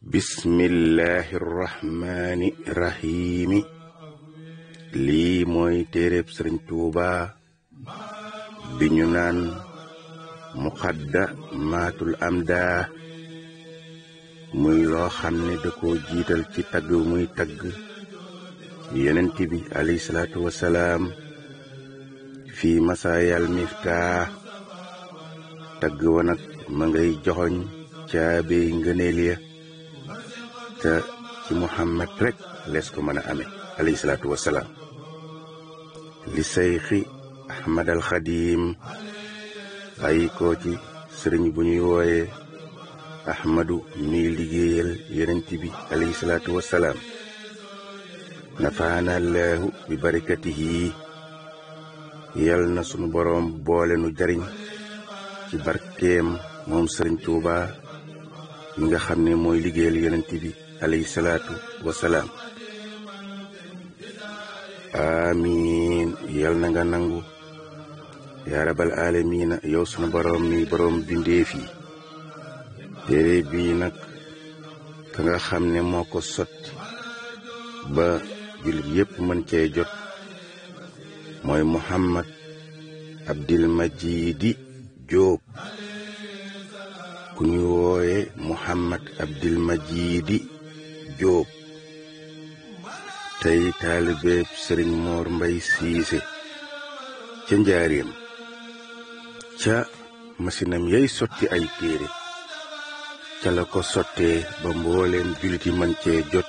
bismillahi rahmaani lii mooy téere sëriñ tuuba bi ñu naan muqaddamatul amda muy loo xam ne da ko jiital ci tagg muy tagg yeneen bi alayhi salaatu wasalaam fii masaayal miftaa tagg wa nag ma ngay joxoñ caabe ngëneel ya te ci muhammad rek lees ko mën a amee alayhi salaatu wasalaam li sayxi ahmad al xadim bàyyi ci sëriñ bu ñuy wooyee ahmadu miy liggéeyal yonent bi alayhi salaatu wasalaam nafaana laahu bi yal na sunu boroom boole nu jariñ ci barkeem moom sëriñ tuuba yi nga xam ne mooy liggéeyal yonent bi alayhi salaatu wasalaam amiin yal na nangu yaa rabal aalamiina yow sunu borom mi borom bindeef nag nga xam ne moo ko sot ba jullit yépp mën cee jot mooy Muhammad Abdil Majidi Jóob ku ñu wooye Muhammad Abdil Majidi Jóob tey taalibeeb sëriñ Moor Mbay Siise ca njaareem ca masinam yay sotti ay téere ca la ko sottee ba mbooleem jullit yi cee jot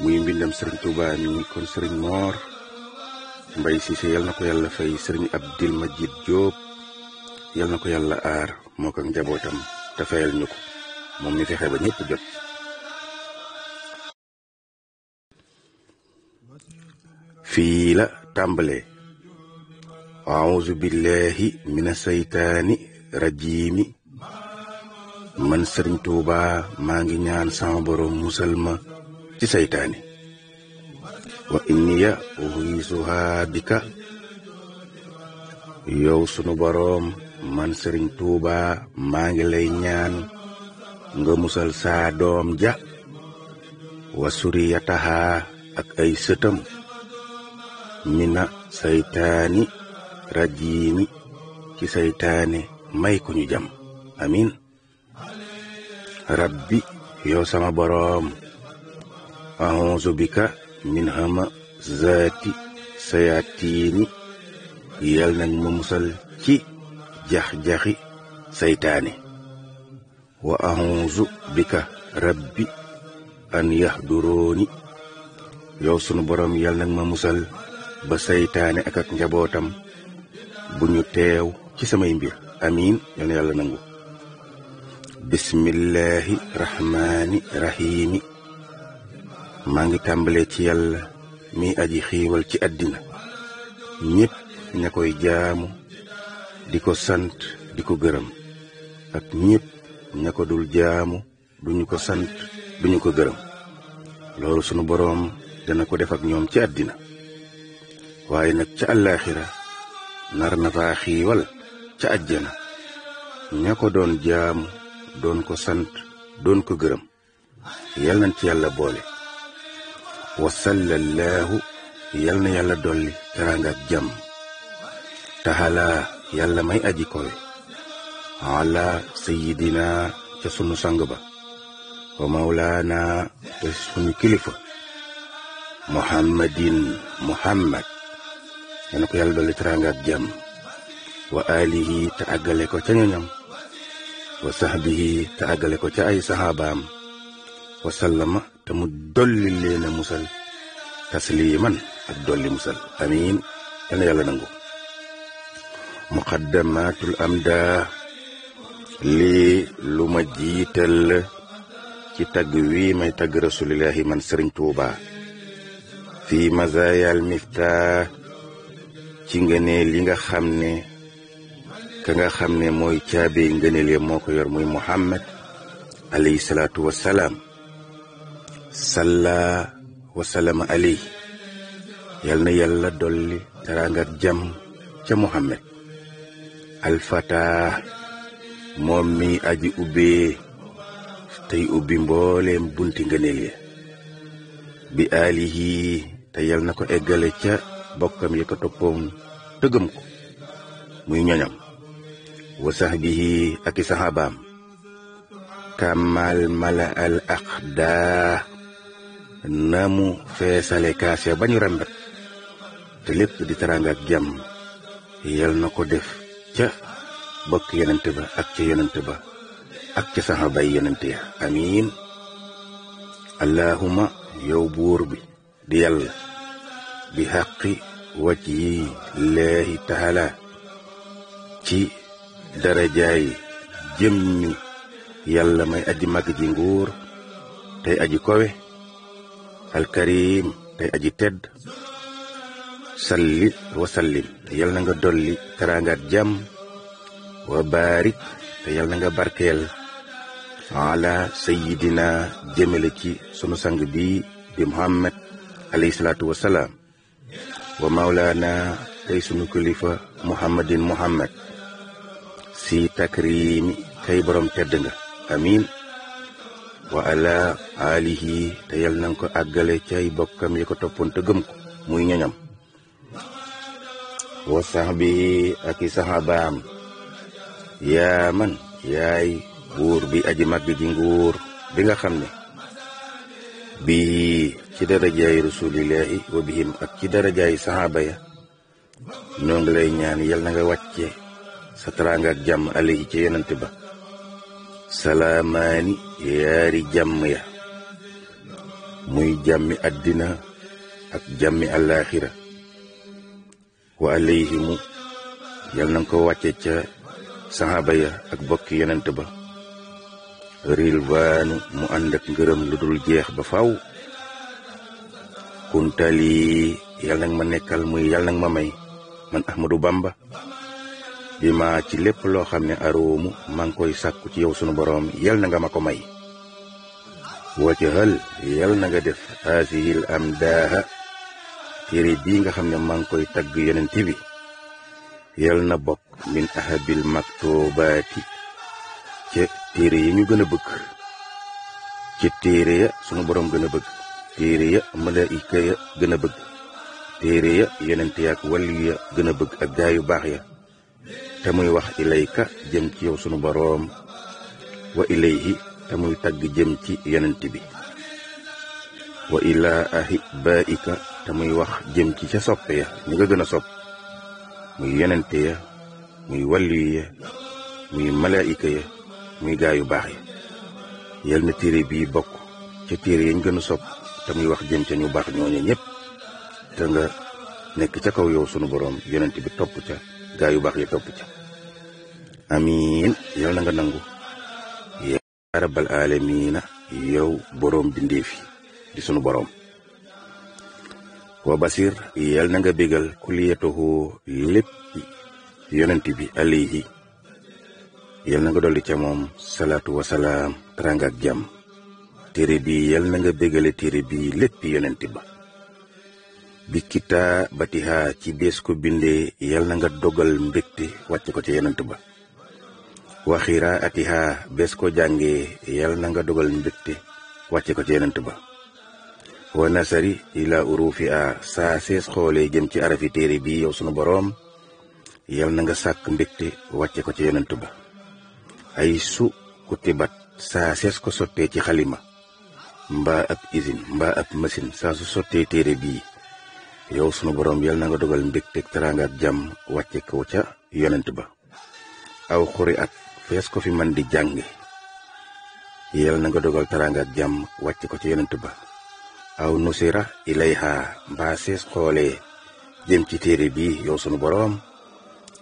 muy mbindam sëriñ Tuubaa mi kon sëriñ Moor Mbay Siise yal na ko yàlla fay sëriñ Abdil Majid Jóob yal na ko yàlla aar moo ko njabootam te fayal ñu ko moom mi fexe ba ñëpp jot fii la tàmbalee auzu billahi mina seytaani rajiimi man sëriñ tuuba maa ngi ñaan sama borom musalma ci seytaani wa inniya uhiisuhaa bika yow sunu boroom man sëriñ tuuba maa ngi lay ñaan nga musal saadoom doom ja wa suriyataha ak ay sëtam mina saytaani rajiimi ci seytaani may ko ñu jam amin rabbi yow sama boroom ahuzu bika min hama zaati sayaatiini yal nag ma musal ci jax-jaxi saytaane wa ahuzu bika rabbi an yahdurooni yow sunu boroom yal nag ma musal ba seytaane ak ak njabootam bu ñu teew ci samay mbir amiin yal na yàlla nangu bismillahi rahmaani rahiimi maa ngi tàmbalee ci yàlla mi aji xiiwal ci addina ñépp ña koy jaamu di ko sant di ko gërëm ak ñépp ña ko dul jaamu duñu ko sant duñu ko gërëm loolu sunu boroom dana ko def ak ñoom ci àddina waaye nag ca àllaaxira ndar na faa xiiwal ca ajjana ña ko doon jaamu doon ko sant doon ko gërëm yal nañ ci yàlla boole wa sallallahu yal na yàlla dolli teraanga ak jàmm taxalaa yàlla may aji kowe ala sayidina ca sunu sang ba wa mawlaana te sunu kilifa muhammadin muhammad yal ko yàlla dolli teraanga ak jàmm wa alihi te àggale ko ca ñoñam wa sahbihi te àggale ko ca ay saxaabaam wa sallama te mu dolli leen a musal tasliman ak dolli musal amin yal yàlla nangu muqaddamatul amda lii lu ma jiital ci tagg wii may tagg rasulillahi man sëriñ tuuba fi mazayal miftah ci ngëneel li nga xam ne ka nga xam ne mooy caabe ngëneel ya moo ko yor muy muhammad alayhi salaatu wasalaam salla wasalama aley yal na yàlla dolli teraanga ak jàmm ca muhammad alfata moom mi aji ubbee tey ubbi mbooleem bunti ngëneel ya bi alihi te yal na ko eggale ca bokkam yi ko toppoon tëggam ko muy ñoñam wa sahbihi ak i sahabaam kamal mala al aqdaa na mu feesale kaas ya ba ñu rembet te lépp di teraanga jam jàmm yal na ko def ca bokk yonent ba ak ca yonent ba ak ca saxabay yonent ya amiin allahuma yow buur bi di yàlla bihaqi wajhi laahi taala ci darajaay jëm mi yàlla may aji màgg ji nguur tey aji kowe alkarim tey aji tedd salli wa sallim yal na nga dolli teraangaat jàmm wa baarik te yal nga barkeel ala sayidina jëmale ci sunu sang bi bi muhammad alayhi salaatu wasalaam wa mawlaana tey sunu kilifa muhammadin muhammad si takriimi tey borom tedd nga amiin wa ala alihi te yal na ko àggale cay bokkam yi ko toppoon te gëm ko muy ñoñam wa sahbihi ak i sahabaam yaa man yaay buur bi aji mag ji nguur bi nga xam ne bii ci darajaay rasulillahi wa bihim ak ci darajaay saxaaba ya ñoo ngi lay ñaan yal na nga wàcce sa taraanga ak jàmm alayhi ci yonent ba salaamaani yaari jàmm ya muy jàmmi àddina ak jàmmi àllaaxira wa alayhimu yal na ko wàcce ca saxaaba ya ak bokki yonent ba rilwaanu mu ànd ngërëm lu dul jeex ba faw kuntali yàlla nga ma nekkal muy yàlla nga ma may man Ahmadou Bamba bi ma ci lépp loo xam ne aroomu maa koy sàkku ci yow sunu boroom yal na nga ma may waccaxal yal na nga def asihil am daaha téere bii nga xam ne maa ngi koy tagg yonent bi yal na bokk min ahabil maktubaati ca téere yi ñu gën a bëgg ci téere ya sunu boroom gën a bëgg téere ya malaayika ya gën a bëgg téere ya yonent ya ak wàllu ya gën a bëgg ak gaa yu baax ya te muy wax ilayka jëm ci yow sunu boroom wa ilayhi te muy tagg jëm ci yonent bi wa ilaahi baika te muy wax jëm ci ca sopp ya ñu nga gën a sopp muy yonente ya muy wàllu ya muy malaayika ya muy gaa yu baax yi yal na téere bi bokk ca téere yañ gën a sopp te wax jëm ca ñu baax ñooñu ñëpp te nga nekk ca kaw yow sunu boroom yonent bi topp ca gaa yu baax yi topp ca amiin yal na nga nangu yaa rabbal aalamiina yow boroom dindeef yi di sunu boroom wa basir yal na nga bégal kuliyatahu lépp yonent bi alayhi yal na nga dolli ca moom salaatu wasalaam teranga ak jàmm téere bi yal na nga bégale téere bi lépp yonent ba bi kitaa batiha ci bees ko bindee yal na nga dogal mbégte wàcc ko ca yonent ba waxiraa atiha ko jàngee yal na nga dogal mbégte wàcce ko ca yonent ba wa nasari ila urufi a saa sees xoolee jëm ci arafi téere bi yow sunu boroom yal na nga sàkk mbégte wàcce ko ca yonent ba ay su kutibat saa sees ko sottee ci xalima mbaa ab usine mbaa ab machine saa su sottee téere bii yow sunu borom yal na nga dogal mbégteeg teraanga ak jàmm wàcce ko ca yonent ba aw xuri at fees ko fi man di jàng yal na nga dogal teraanga jàmm wàcce ko ca yonent ba aw nusira ilayha mbaa sees xoolee jëm ci téere bii yow sunu borom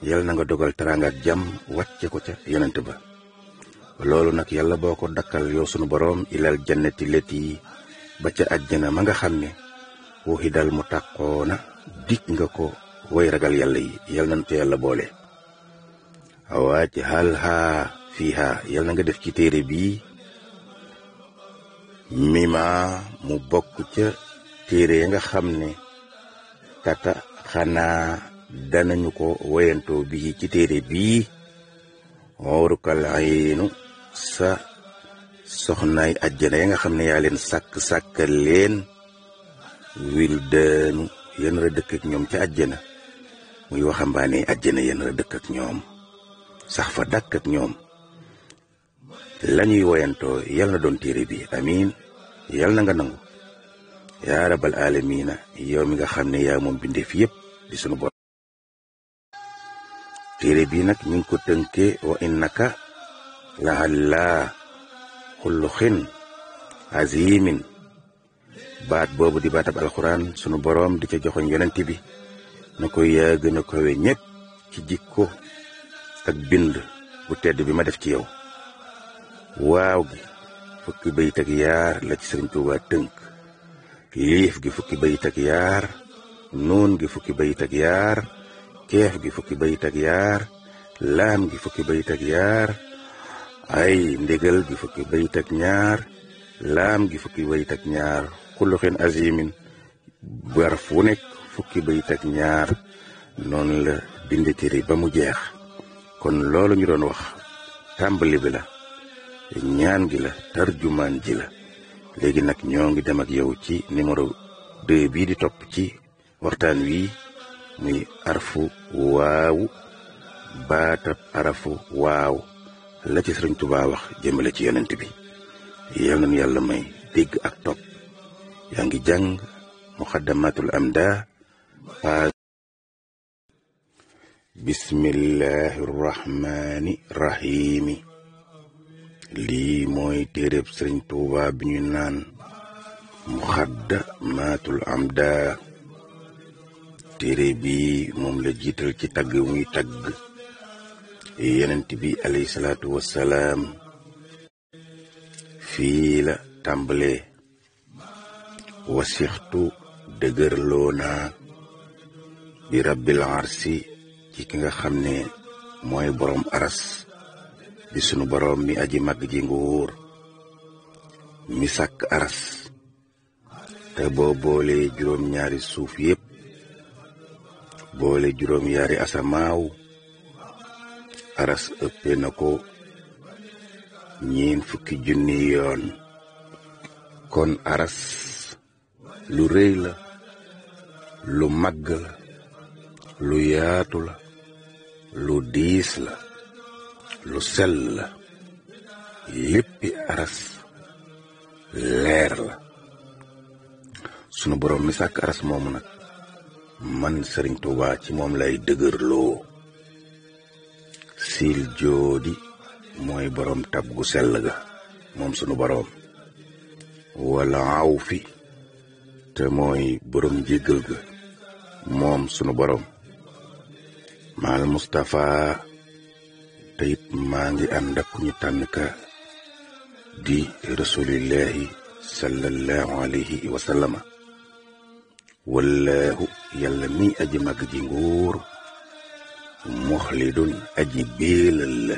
yal na nga dogal teraanga ak jàmm wàcce ko ca yonent ba loolu nag yàlla boo ko dakkal yow sunu boroom ilal jannati leti ba ca àjjana ma nga xam ne waxi dal mu tàqoo na nga ko way ragal yàlla yi yal nañ ko yàlla boole awaac xalhaa fiiha yal na nga def ci téere bii mima mu bokk ca téere ya nga xam ne kata xanaa danañu ko wayantoo bii ci téere bii xoorukal aynu sa soxnaay àjjana ya nga xam ne yaa leen sàkk sàkk leen wil daanu yéen dëkk ñoom ca àjjana muy waxambaane àjjana yéen a dëkk ñoom sax fa dàkk ñoom la ñuy woyantoo yal doon téere bi amiin yal na nga nangu yaa rabal aalamiina yow mi nga xam ne yaa moom bindeef yépp di sunu borom téere bi nag ñu ngi ko tënkee wa innaka laxallaa xullu xin azimin baat boobu di baatab alxuraan sunu boroom di ca joxoñ yonent bi na ko yaa gën a kowe ñépp ci jikko ak bind bu tedd bi ma def ci yow waaw gi fukki bayit ak yaar la ci sëriñ Tuubaa tënk liif gi fukki bayit ak yaar nuun gi fukki bayit ak yaar keef gi fukki bayit ak yaar laam gi fukki bayit ak yaar ay ndigal gi fukki bayit ak ñaar laam gi fukki bayit ak ñaar xuluxin azimin baraf wu nekk fukki bayit ak ñaar noonu la bind téere ba mu jeex kon loolu ñu doon wax tàmbali bi la ñaan gi la tarjumaan ji la léegi nag ñoo ngi dem ak yow ci numéro 2 bii di topp ci waxtaan wi muy arfu waaw baatab arafu waaw la ci sëriñ Tuubaa jëmale ci yonent bi yal nañu yàlla may dégg ak topp yaa ngi jàng muxaddamatul amda page bismillahi rahmaani rahiimi lii mooy téereb sëriñ Tuubaa bi ñu naan muxaddamatul amda téere bi moom la jiital ci tagg muy tagg yenent bi alayhi salaatu wassalaam fii la tàmbalee wasixtu dëgërloo naa bi rabbil arsi ci nga xam ne mooy boroom aras di sunu boroom mi aji mag ji nguur mi sàkk aras te boo boolee juróom ñaari suuf yépp boole juróom yaari asamaaw aras ëppee na ko ñeen fukki junni yoon kon aras lu rëy la lu màgg la lu yaatu la lu diis la lu sel la léppi aras leer la sunu boroom mi sàkk aras moomu nag man sëriñ Tuubaa ci moom lay dëgërloo sil joodi mooy boroom tab gu sell ga moom sunu boroom wala aw te mooy boroom jéggal ga moom sunu boroom maal Mustapha te it maa ngi ànd ak ñu tànn ka di rasulillahi sallallahu alayhi wa sallama wallahu mi aji màgg ji nguur muxlidun aji béelal la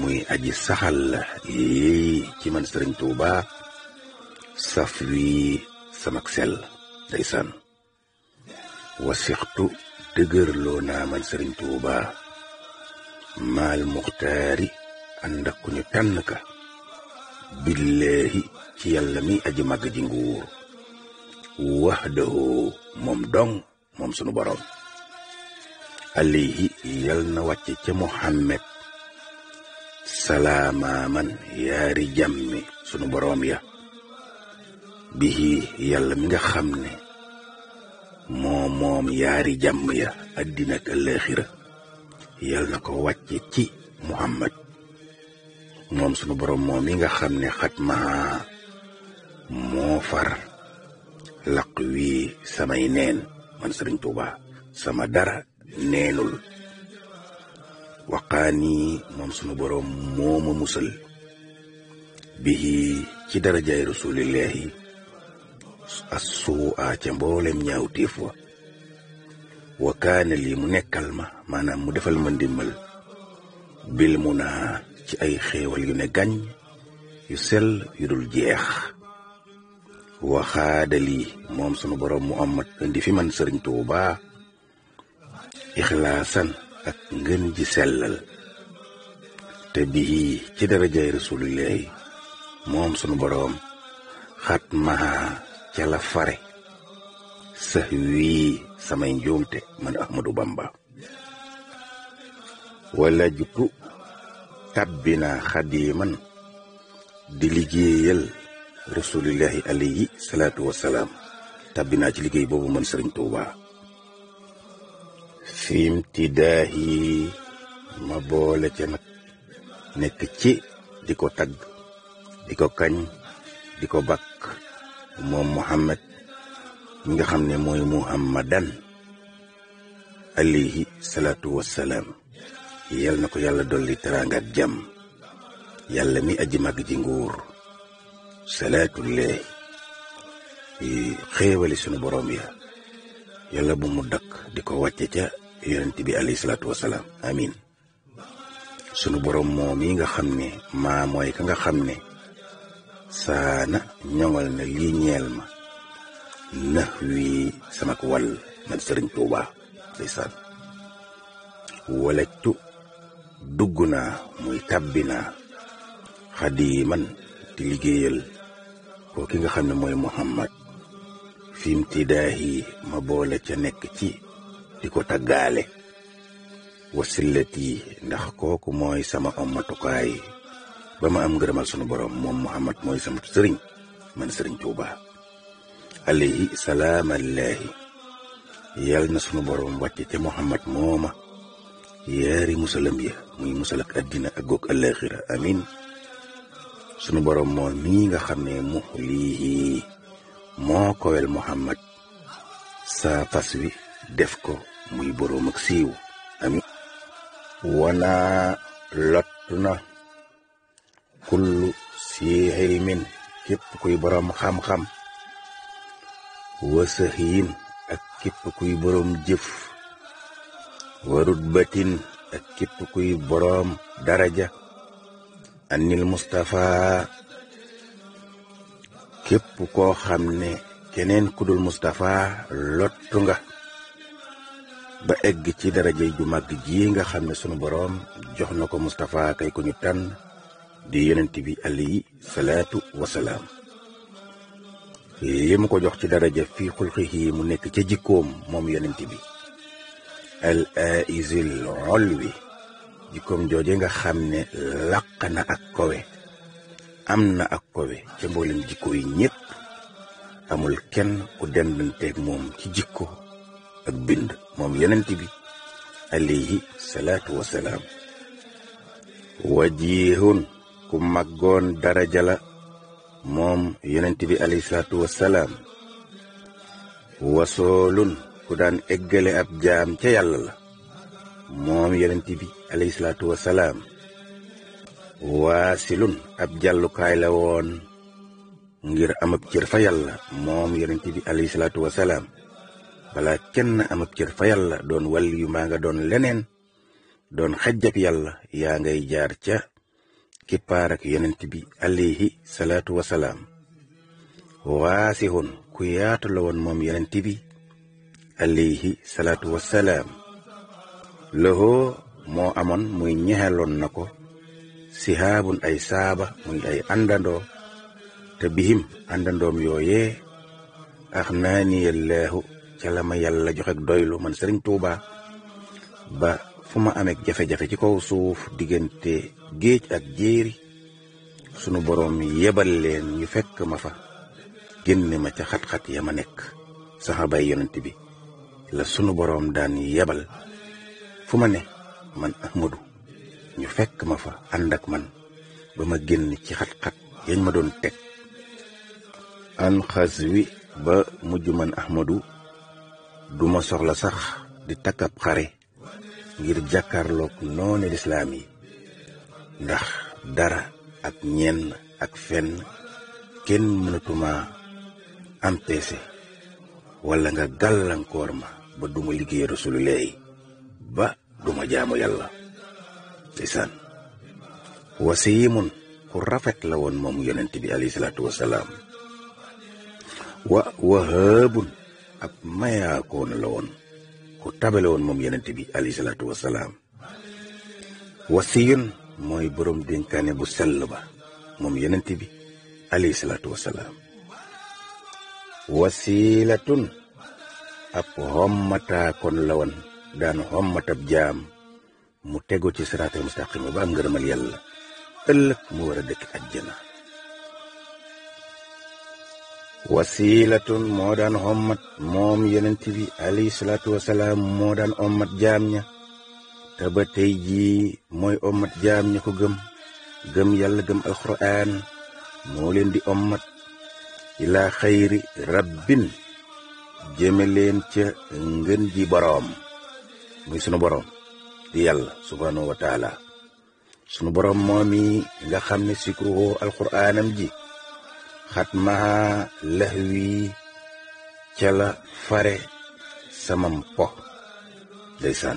muy aji saxal la yéey ci man sëriñ Tuuba saf wii samak sell ndeysaan wasixtu dëgërloo naa man sëriñ Tuuba maal muxtaari ànd ak ku ñu tànn ka billaahi ci yàlla mi aji màgg ji nguur wax dahoo moom dong moom sunu boroom alayhi yal na wàcc ci muhammad salaamaaman yaari jàmmi sunu boroom ya bihi yàlla mi nga xam ne moo moom yaari jàmm ya àddina ak àllaaxira yal na ko wàcc ci muhammad moom sunu boroom moom mi nga xam ni ne xatmaa moo far lak wii samay neen man sëriñ Tuuba sama dara neenul waqaani moom sunu boroom moom ma musal bihi ci darajaay rasulillahi assuu a ca mboolem ñaaw téef wa wa lii mu nekkal ma maanaam mu defal ma ndimmal bil mu naa ci ay xéewal yu ne gàññ yu sel yu dul jeex waxaadalii moom sunu boroom mu amat indi fi man sëriñ Tuubaa ixlaasan ak ngën ji sellal te bii ci darajay rasulillahi moom sunu boroom xat mahaa ca la fare sax wii samay njuumte man ahmadu bamba wala jutu tabbina xadiman di liggéeyal rasulillahi alayhi salaatu wasalaam tabbinaa ci liggéey boobu man sëriñ tuubaa fi imtidaahi ma boole ca nag nekk ci di ko tagg di ko kañ di ko bakk moom muhammad mi nga xam ne mooy muhammadan alayhi salaatu wassalaam yal na ko yàlla dolli teraanga ak jàmm yàlla mi aji màgg ji nguur salaatullahi xéewali sunu borom ya yàlla bu mu dakk di ko wàcce ca yonent bi alayhi salaatu wasalaam amin sunu borom moom yi nga xam ne maa mooy ka nga xam ne saana ñoŋal na lii ñeel ma nax wii sama ko wàll man sëriñ Tuubaa ndeysaan dugg naa muy tàbbi naa xaddi man di liggéeyal ki nga xam ne mooy Muhammad fimtidaahi ma boole ca nekk ci di ko taggaale wasilat yi ndax kooku mooy sama ommatukaay ba ma am ngërëmal sunu boroom moom muhammad mooy sama sëriñ man sëriñ Tuuba alayhi salaamallaahi yal na sunu borom wàcce ca muhammad mooma yaari musalam ya muy musalak addina ak goog alaxira amin sunu boroom moom mii nga xam ne muxliihi moo kowel Muhammad saa fas wi def ko muy boroom siiw ami wana lott na kullu sihiri min képp kuy boroom xam-xam wasaxiin ak képp kuy boroom jëf warut batin ak képp kuy boroom daraja anil Mustafa képp koo xam ne keneen ku dul Mustapha nga ba egg ci daraja ju mag ji nga xam ne sunu boroom jox na ko Mustapha kay ko ñu tànn di yonent bi alayhi salaatu wasalaam li ko jox ci daraja fi xulqihi mu nekk ca jikkoom moom yonent bi al aisil ol wi jikkoom jooje nga xam ne làq na ak kowe am na ak kowe ca mboolem jikko yi ñëpp amul kenn ku dendanteeg moom ci jikko ak bind moom yonent bi alayhi salaatu wasalaam wajihun ku màggoon daraja la moom yonent bi alayhi salaatu wasalaam wasoolun ku daan eggale ab jaam ca yàlla la moom yonent bi alayhi salaatu wasalaam waasilun ab jàllukaay la woon ngir am ab cër fa yàlla moom yonent bi alayhi salaatu wasalaam balaa kenn am ab cër fa yàlla doon wàll yu maa nga doon leneen doon xajjab yàlla yaa ngay jaar ca kippaar ak yonent bi alayhi salaatu wasalaam waasihun ku yaatu la woon moom yonent bi alayhi salaatu wasalaam loxo moo amoon muy ñexeloon na ko sihaabun ay saaba muy ay àndandoo te bihim àndandoom yooyee ax ah, naa ni yallaahu ca la ma yàlla joxe doylu man sëriñ Tuuba ba fu ma amek jafe-jafe ci kaw suuf diggante géej ak jéeri sunu boroom yebal leen ñu fekk ma fa génne ma ca xat-xat ya ma nekk saxaabay yonent bi la sunu boroom daan yebal fu ma ne man Ahmadu ñu fekk ma fa ànd ak man ba ma génn ci xat-xat yañ ma doon teg an xas wi ba mujj man ahmadu duma soxla sax di takkab xare ngir jàkkaarloog noone lislaam yi ndax dara ak ñenn ak fenn kenn mënatuma empêché walla nga gàllankoor ma ba duma liggéey rasulullahi ba duma jaamu yàlla ndeysaan wasiimun ku rafet la woon moom yonent bi alayhi salaatu wasalaam wa wahaabun ab mayaakoon la woon ku tabale woon moom yonent bi alayhi wasalaam boroom dénkaane bu sell ba moom yonent bi wasiilatun ab xommataakoon la woon daan xommatab jaam mu tegoo ci siraatal mustaqima ba am ngërëmal yàlla ëllëg mu war a dëkk ajjana wasilatun moo daan ommat moom yenent bi alayhi salaatu wasalaam moo daan ommat jaam ña te ba jii mooy ommat jaam ña ko gëm gëm yàlla gëm alquran moo leen di ommat ilaa xayri rabbin jëme leen ca ngën ji boroom muy sunu boroom di yàlla subhanahu wa sunu borom moom yi nga xam ne sikruhu alquraanam ji xatmaa lahwi ca la fare sama po ndeysaan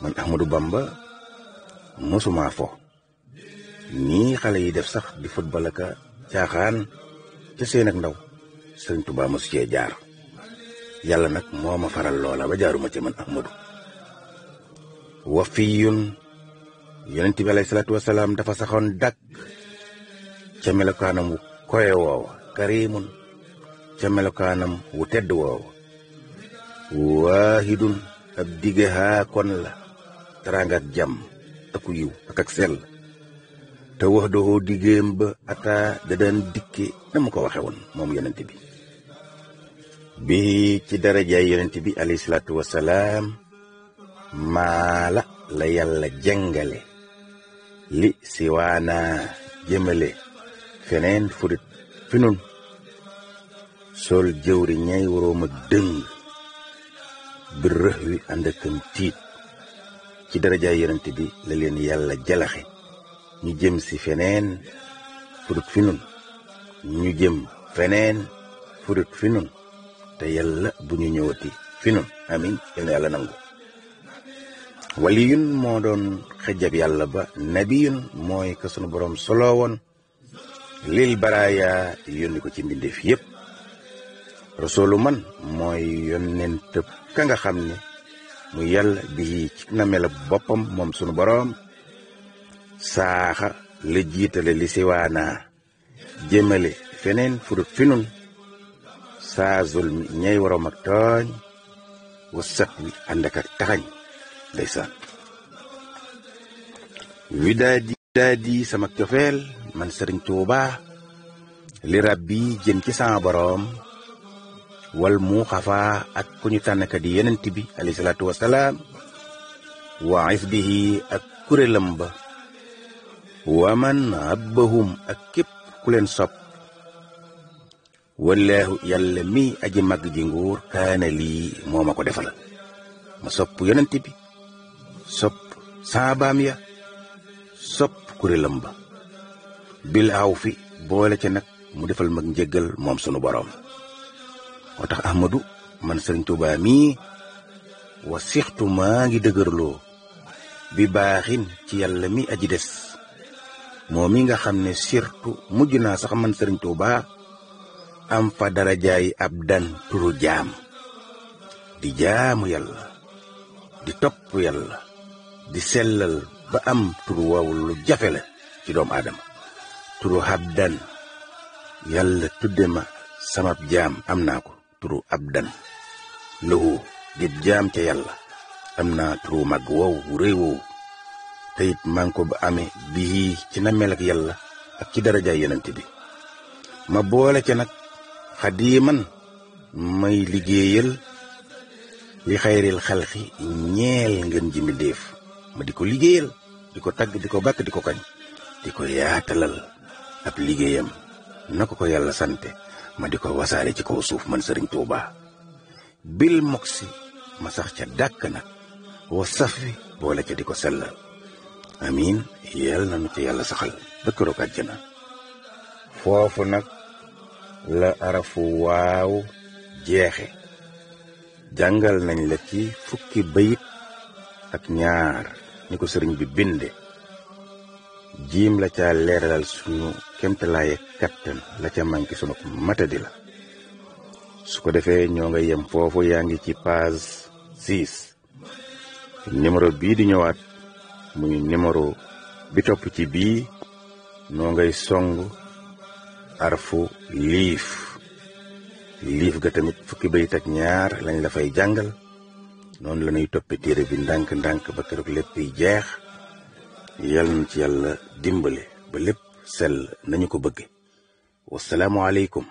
man Ahmadou Bamba mosuma fo nii xale yi def sax di football ak caaxaan te seen ndaw Sëriñ Tuubaa mosu cee jaar yàlla nag moo ma faral loola ba jaaruma ci man Ahmadou wafiyun yonent bi alayhi salaatu wasalaam dafa saxoon dàkk ca melokaanam wu koye woowa karimun ca melokaanam wu tedd woowa waahidun ab digge haa kon la teraangaak jàmm ak yiw ak ak sell te wax doxoo diggéem ba ataa da daan dikke na mu ko waxe woon moom yonent bi bi ci darajaay yonent bi alayhi salaatu wasalaam maala la yàlla jàngale li siwaana jëmale feneen furit fi nun sol jëwri ñay warooma dëng bir rëx wi ànd akam tiit ci darajaay yonent bi la leen yàlla jalaxe ñu jëm si feneen furut fi nun ñu jëm feneen furut fi nun te yàlla bu ñu ñëwati fi nun amin yal nangu waliyun moo doon xëjab yàlla ba nabiyun mooy ka sunu boroom solo woon lil baraaya yónni ko ci mbindeef yépp rasulu man mooy yónnent ka nga xam ni mu yàlla bi ci na mela boppam moom sunu boroom saaxa la jiitale li siwaanaa jëmale feneen furut fi nun saa zulmi ñay waroom ak tooñ wa sat wi ànd ak taxañ ndeysaan sama cofeel man sëriñ Tuuba li rab bi jëm ci sama borom wal mu xafaa ak ku ñu tànnkat yi yenent bi alayhi salaatu wasalaam wa isbihi ak kuréelam ba wa man abbahum ak képp ku leen sopp wallaahu yàlla mi aji màgg ji nguur kaana lii moo ko defal ma sopp yonent bi sopp baam ya sopp kuréelam ba bil aaw fi boole ca nag mu defal mag njëggal moom sunu boroom moo tax ahmadu man sëriñ Tuubaa mii wa sixtu maa ngi dëgërloo bi baaxin ci yàlla mi aji des moom mi nga xam ne surtout mujj naa sax man sëriñ Tuubaa am fa darajaay ab dan turu jaam di jaamu yàlla di topp yàlla di sellal ba am turu woowu lu jafe la ci doomu aadama turu abdan yàlla tudde ma sama jaam am naa ko turu abdan lahu di yàlla am naa turu màgg wu rëy woowu te it maa ngi ko amee bii ci na mel yàlla ak ci darajaay yenente bi ma boole ca nag xadiiman may liggéeyal li xayril xalxi ñeel ngeen ji mi ma di ko liggéeyal di ko tagg di ko bàkk di ko kañ di ko yaatalal ab liggéeyam na ko ko yàlla sante ma di ko wasaare ci kaw suuf man sëriñ Tuuba bil moksi ma sax ca dàkk nag wa safi boole ca di ko sellal amiin yàlla na nu ci yàlla saxal ba keroog na foofu nag la fu waaw jeexe jàngal nañ la ci fukki bayit ak ñaar ni ko sëriñ bi binde jiim la ca leeralal sunu kemtalaaye kattan la ca manki sunu matadi la su ko defee ñoo nga yem foofu yaa ngi ci page 6 numéro bii di ñëwaat muy numéro bi topp ci bii noo ngay song arfu liif liif ga tamit fukki bayit ak ñaar lañ la jàngal noonu la ñuy topp téere bi ndànk-ndànk ba keroog lépp yi jeex yal na ci yàlla dimbale ba lépp sell nañu ko bëgge wasalaamu aleykum